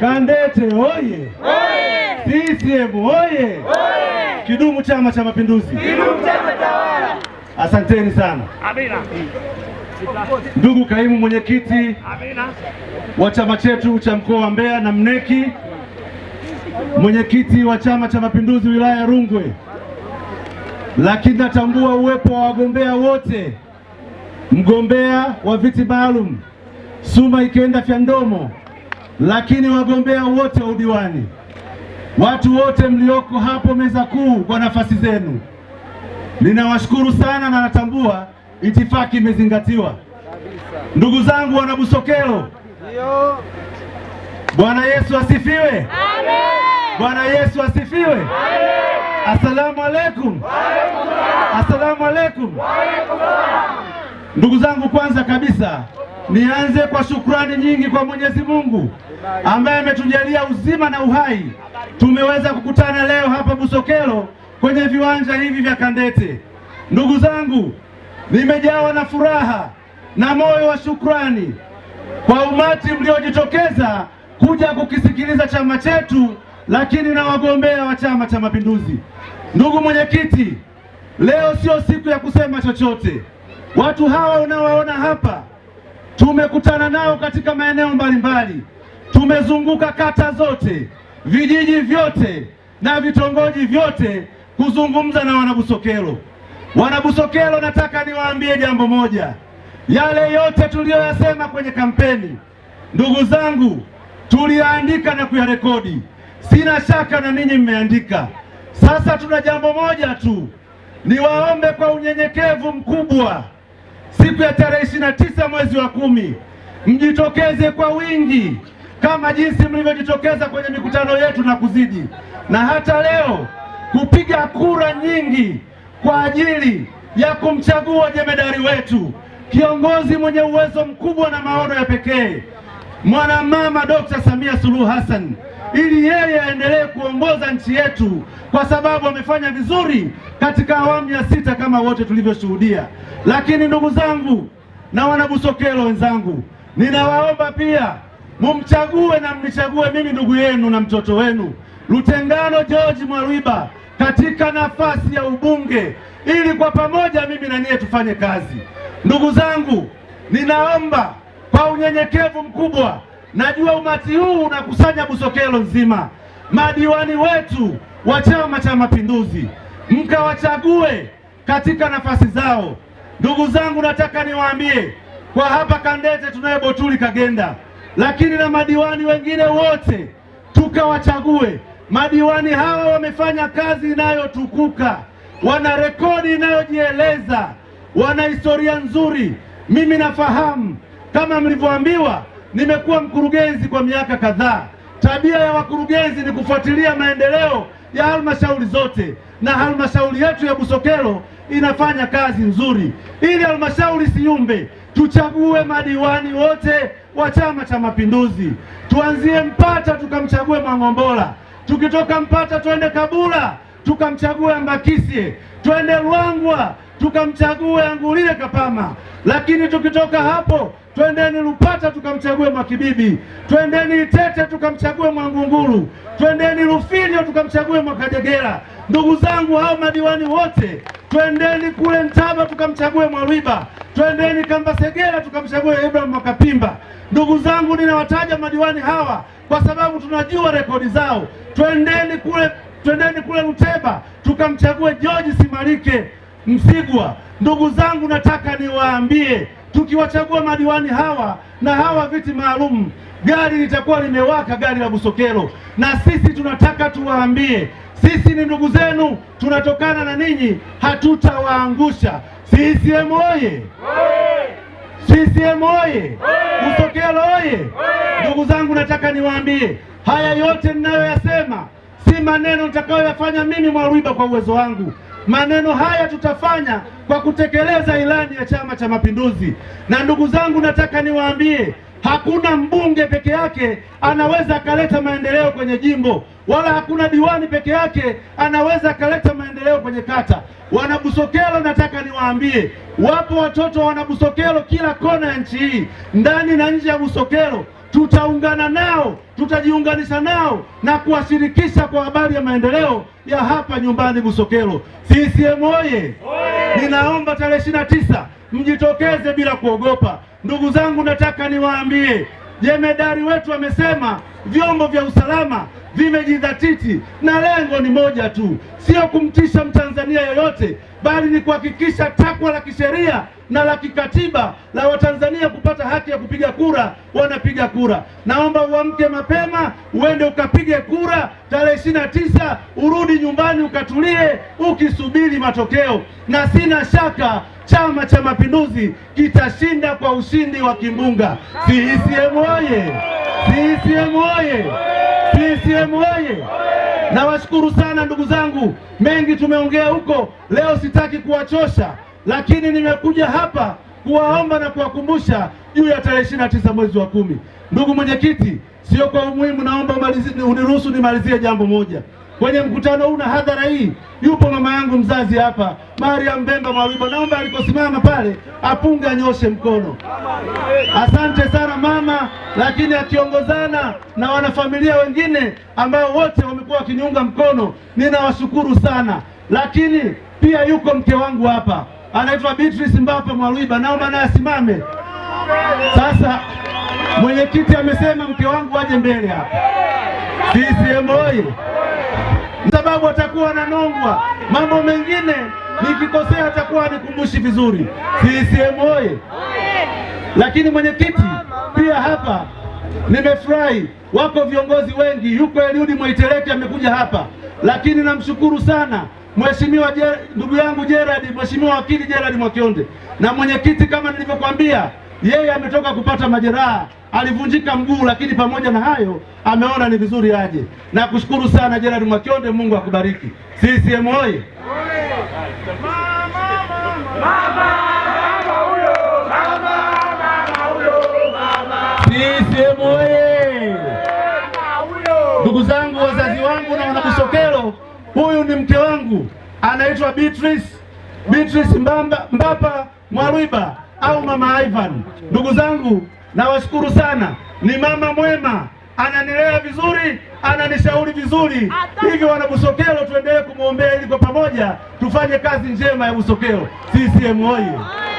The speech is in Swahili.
Kandete oye! CCM oye! Kidumu Chama cha Mapinduzi! Kidumu chama tawala! Asanteni sana. Amina. Ndugu kaimu mwenyekiti wa chama chetu cha mkoa wa Mbeya na Mneki, mwenyekiti wa Chama cha Mapinduzi wilaya ya Rungwe, lakini natambua uwepo wa wagombea wote, mgombea wa viti maalum Suma Ikenda Fyandomo lakini wagombea wote wa udiwani, watu wote mlioko hapo meza kuu kwa nafasi zenu, ninawashukuru sana na natambua itifaki imezingatiwa. Ndugu zangu wana Busokelo, Bwana Yesu asifiwe! Amen. Bwana Yesu asifiwe! Amen. Asalamu alaykum. Asalamu alaykum. Ndugu zangu, kwanza kabisa Nianze kwa shukrani nyingi kwa Mwenyezi Mungu ambaye ametujalia uzima na uhai. Tumeweza kukutana leo hapa Busokelo kwenye viwanja hivi vya Kandete. Ndugu zangu, nimejawa na furaha na moyo wa shukrani kwa umati mliojitokeza kuja kukisikiliza chama chetu, lakini na wagombea wa Chama cha Mapinduzi. Ndugu mwenyekiti, leo sio siku ya kusema chochote. Watu hawa unaowaona hapa Tumekutana nao katika maeneo mbalimbali, tumezunguka kata zote, vijiji vyote na vitongoji vyote kuzungumza na Wanabusokelo. Wanabusokelo, nataka niwaambie jambo moja, yale yote tuliyoyasema kwenye kampeni, ndugu zangu, tuliyaandika na kuyarekodi. Sina shaka na ninyi mmeandika. Sasa tuna jambo moja tu, niwaombe kwa unyenyekevu mkubwa siku ya tarehe ishirini na tisa mwezi wa kumi, mjitokeze kwa wingi kama jinsi mlivyojitokeza kwenye mikutano yetu na kuzidi, na hata leo kupiga kura nyingi kwa ajili ya kumchagua jemedari wetu, kiongozi mwenye uwezo mkubwa na maono ya pekee, mwanamama Dr. Samia Suluhu Hassan ili yeye aendelee kuongoza nchi yetu, kwa sababu amefanya vizuri katika awamu ya sita kama wote tulivyoshuhudia. Lakini ndugu zangu na wanabusokelo wenzangu, ninawaomba pia mumchague na mnichague mimi ndugu yenu na mtoto wenu Lutengano George Mwaruiba katika nafasi ya ubunge, ili kwa pamoja mimi na nyie tufanye kazi. Ndugu zangu, ninaomba kwa unyenyekevu mkubwa Najua umati huu unakusanya Busokelo nzima, madiwani wetu wa Chama cha Mapinduzi, mkawachague katika nafasi zao. Ndugu zangu, nataka niwaambie kwa hapa Kandete tunaye Botuli Kagenda, lakini na madiwani wengine wote tukawachague. Madiwani hawa wamefanya kazi inayotukuka, wana rekodi inayojieleza, wana historia nzuri. Mimi nafahamu kama mlivyoambiwa Nimekuwa mkurugenzi kwa miaka kadhaa. Tabia ya wakurugenzi ni kufuatilia maendeleo ya halmashauri zote, na halmashauri yetu ya Busokelo inafanya kazi nzuri, ili halmashauri siyumbe. Tuchague madiwani wote wa Chama cha Mapinduzi, tuanzie Mpata tukamchague Mang'ombola, tukitoka Mpata twende Kabula tukamchague Mbakisye, twende lwangwa tukamchague Angulile Kapama, lakini tukitoka hapo Twendeni Lupata tukamchague Mwakibibi, twendeni Itete tukamchague Mwangunguru, twendeni Rufinyo tukamchague Mwakajegera. Ndugu zangu, hao madiwani wote, twendeni kule Mtaba tukamchague Mwalwiba, twendeni Kambasegera tukamchague Ibrahim Mwakapimba. Ndugu zangu, ninawataja madiwani hawa kwa sababu tunajua rekodi zao. Twendeni kule twendeni kule Luteba tukamchague George Simarike Msigwa. Ndugu zangu, nataka niwaambie tukiwachagua madiwani hawa na hawa viti maalum, gari litakuwa limewaka, gari la Busokelo. Na sisi tunataka tuwaambie, sisi ni ndugu zenu, tunatokana na ninyi, hatutawaangusha. CCM oye! CCM oye! Busokelo oye! Ndugu zangu, nataka niwaambie haya yote ninayoyasema si maneno nitakayoyafanya mimi Mwarwiba kwa uwezo wangu Maneno haya tutafanya kwa kutekeleza ilani ya Chama cha Mapinduzi. Na ndugu zangu, nataka niwaambie hakuna mbunge peke yake anaweza akaleta maendeleo kwenye jimbo, wala hakuna diwani peke yake anaweza akaleta maendeleo kwenye kata. Wanabusokelo, nataka niwaambie, wapo watoto wa Wanabusokelo kila kona ya nchi hii, ndani na nje ya Busokelo tutaungana nao, tutajiunganisha nao na kuwashirikisha kwa habari ya maendeleo ya hapa nyumbani Busokelo. CCM oye! Ninaomba tarehe ishirini na tisa mjitokeze bila kuogopa. Ndugu zangu, nataka niwaambie, jemedari wetu amesema vyombo vya usalama vimejidhatiti na lengo ni moja tu, sio kumtisha mtanzania yoyote, bali ni kuhakikisha takwa la kisheria na la kikatiba la Watanzania kupata haki ya kupiga kura, wanapiga kura. Naomba uamke mapema, uende ukapige kura tarehe ishirini na tisa, urudi nyumbani ukatulie, ukisubiri matokeo, na sina shaka Chama cha Mapinduzi kitashinda kwa ushindi wa kimbunga. E CCM oye! E CCM oye! CCM oye! Nawashukuru sana ndugu zangu, mengi tumeongea huko leo, sitaki kuwachosha, lakini nimekuja hapa kuwaomba na kuwakumbusha juu ya tarehe ishirini na tisa mwezi wa kumi. Ndugu mwenyekiti, sio kwa umuhimu, naomba uniruhusu nimalizie jambo moja kwenye mkutano huu na hadhara hii, yupo mama yangu mzazi hapa, Mariam Bemba Mwawibo, naomba aliposimama pale apunge, anyoshe mkono. Asante sana mama, lakini akiongozana na wanafamilia wengine ambao wote wamekuwa wakiniunga mkono, ninawashukuru sana. Lakini pia yuko mke wangu hapa, anaitwa Beatrice Mbapa mwalwiba naomba naye asimame. Sasa mwenyekiti amesema mke wangu aje mbele hapa. CCM oyee! sababu atakuwa ananongwa. Mambo mengine nikikosea atakuwa anikumbushi vizuri. CCM oye! Lakini mwenyekiti pia hapa nimefurahi, wako viongozi wengi, yuko Eliudi Mwaitereke amekuja hapa, lakini namshukuru sana Mheshimiwa ndugu yangu Gerard, Mheshimiwa wakili Gerard Mwakionde na mwenyekiti, kama nilivyokwambia yeye ametoka kupata majeraha, alivunjika mguu, lakini pamoja na hayo ameona ni vizuri aje. Na kushukuru sana Gerard Mwakyonde, Mungu akubariki. CCM oyee! CCM Ndugu zangu, wazazi wangu na Wanakusokelo, huyu ni mke wangu, anaitwa Beatrice Beatrice Mbamba Mbapa Mwalwiba au mama Ivan. Ndugu zangu, nawashukuru sana, ni mama mwema, ananilea vizuri, ananishauri vizuri. Hivyo wana Busokelo, tuendelee kumwombea ili kwa pamoja tufanye kazi njema ya Busokelo. CCM oye!